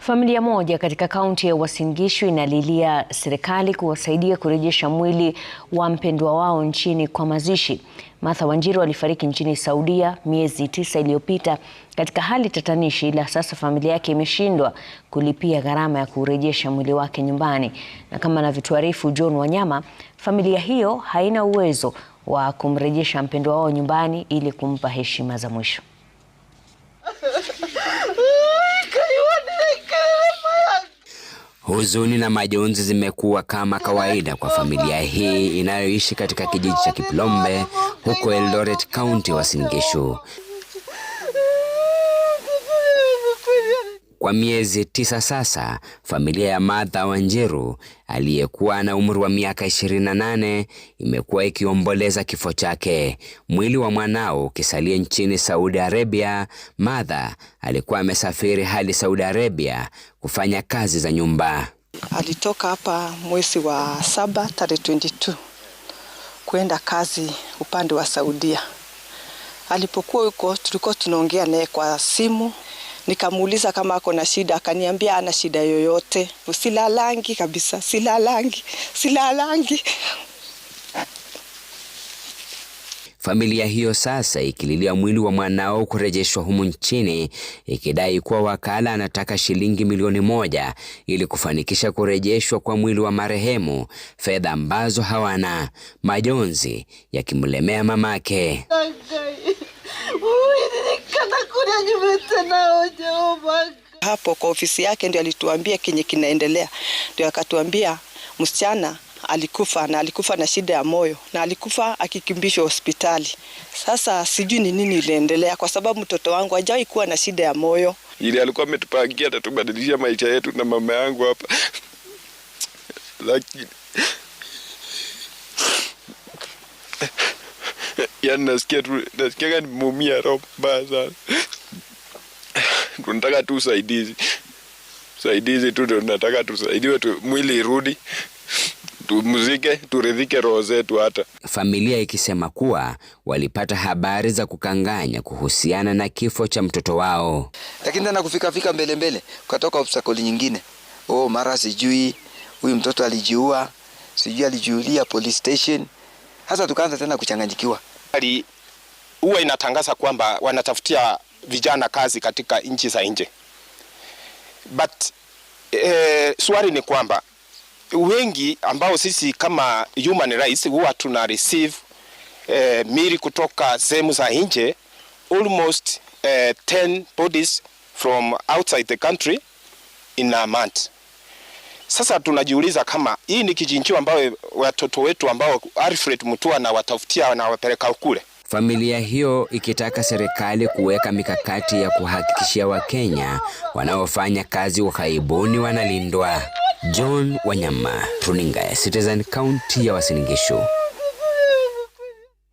Familia moja katika kaunti ya Uasin Gishu inalilia serikali kuwasaidia kurejesha mwili wa mpendwa wao nchini kwa mazishi. Martha Wanjiru alifariki nchini Saudia miezi tisa iliyopita katika hali tatanishi, ila sasa familia yake imeshindwa kulipia gharama ya kurejesha mwili wake nyumbani. Na kama anavyotuarifu John Wanyama, familia hiyo haina uwezo wa kumrejesha mpendwa wao nyumbani ili kumpa heshima za mwisho. Huzuni na majonzi zimekuwa kama kawaida kwa familia hii inayoishi katika kijiji cha Kiplombe huko Eldoret, County, ya Uasin Gishu. Kwa miezi tisa sasa, familia ya Martha Wanjiru aliyekuwa na umri wa miaka 28 imekuwa ikiomboleza kifo chake, mwili wa mwanao ukisalia nchini Saudi Arabia. Martha alikuwa amesafiri hadi Saudi Arabia kufanya kazi za nyumba. Alitoka hapa mwezi wa saba tarehe 22 kwenda kazi upande wa Saudia. Alipokuwa huko, tulikuwa tunaongea naye kwa simu Nikamuuliza kama ako na shida, akaniambia ana shida yoyote. Silalangi kabisa, silalangi, silalangi. Familia hiyo sasa ikililia mwili wa mwanao kurejeshwa humu nchini ikidai kuwa wakala anataka shilingi milioni moja ili kufanikisha kurejeshwa kwa mwili wa marehemu, fedha ambazo hawana, majonzi yakimlemea mamake yote Jehova. Oh Hapo kwa ofisi yake ndio alituambia kenye kinaendelea, ndio akatuambia msichana alikufa na alikufa na shida ya moyo na alikufa akikimbishwa hospitali. Sasa sijui ni nini iliendelea, kwa sababu mtoto wangu hajawahi kuwa na shida ya moyo. Ile alikuwa ametupangia atatubadilisha maisha yetu na mama yangu hapa lakini yani nasikia tu nasikia kani muumia roho mbaya sana tunataka tu usaidizi, usaidizi tu ndio tunataka tusaidiwe tu, mwili irudi tumzike turidhike roho zetu. Hata familia ikisema kuwa walipata habari za kukanganya kuhusiana na kifo cha mtoto wao, lakini tena kufikafika mbele mbele ukatoka obstakoli nyingine. Oh, mara sijui huyu mtoto alijiua, sijui alijiulia police station. Hasa tukaanza tena kuchanganyikiwa. Huwa inatangaza kwamba wanatafutia vijana kazi katika nchi za nje. But eh, swali ni kwamba wengi ambao sisi kama human rights huwa tuna receive eh, miri kutoka sehemu za nje almost eh, 10 bodies from outside the country in a month. Sasa tunajiuliza kama hii ni kijinjio ambayo watoto wetu ambao Alfred Mutua na watafutia na wapeleka kule Familia hiyo ikitaka serikali kuweka mikakati ya kuhakikishia Wakenya wanaofanya kazi ughaibuni wanalindwa. John Wanyama, runinga ya Citizen, kaunti ya Uasin Gishu.